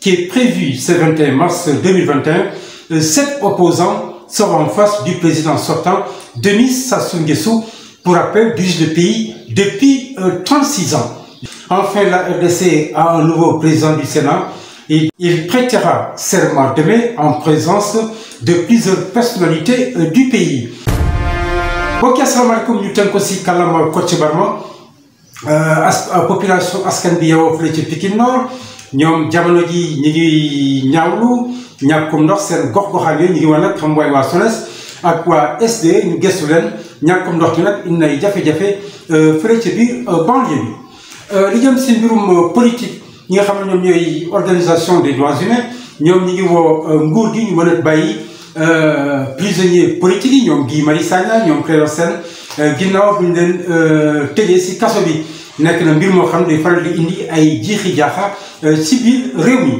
qui est prévu ce 21 mars 2021, euh, sept opposants seront en face du président sortant, Denis Sassou Nguesso, pour rappel, dirige le pays depuis 36 euh, ans. Enfin, la RDC a un nouveau président du Sénat et il prêtera serment demain en présence de plusieurs personnalités euh, du pays. mbokk yi ñu tënk ko si kàllaama Kocc population askan ñoom jamono ji ñu ngi ñaawlu ñàkkum ndox seen gox-goxaan yooyu ñu ngi war a xam waaye waa SONES ak waa SD ñu gëstu leen ñàkkum ndox bi nag indi nay jafe-jafe euh, fële ci biir euh, bi euh, li jëm si mbirum politique ñi nga xam ne ñoom ñooy organisation des droits humains ñoom ñi ngi woo nguur gi ñu mën a bàyyi prisonniers politiques yi ñoom Guy Marius Sagna ñoom Clédor Sène ginnaaw bi ñu leen tëjee si kaso bi nekk na mbir moo xam ne faral di indi ay jiixi jaaxa euh, ci biir réew mi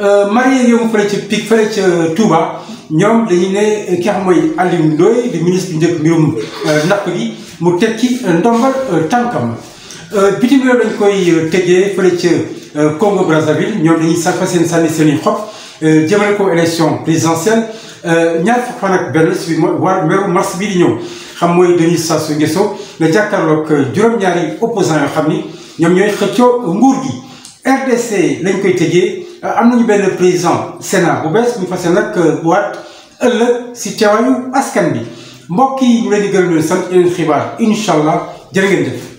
euh, marié yow fële ca Pic fële euh, ñoom dañuy ne ki mooy Aliou Ndoye di ministre bi njëkk mbirum napp gi mu teg ci ndombal tànkam bitim réew dañ koy tegee fële ca Congo Brazzaville ñoom dañuy safa seen sànni seen i xob jëmale ko élection présidentielle Euh, ñaar fukk fa ak benn si war weeru mars bii di ñëw xam mooy Denis Sassou Nguesso na jàkkaarloog euh, juróom-ñaari opposants yoo xam ni ñoom ñooy xëccoo nguur gi RDC lañ koy tëjee euh, am nañu benn président Sénat bu bees ñu ñu fase nag waat ëllëg si teewaayu askan bi mbokk yi ñu leen di gërëm leen sant yeneen xibaar incha allah jërë ngeen jëf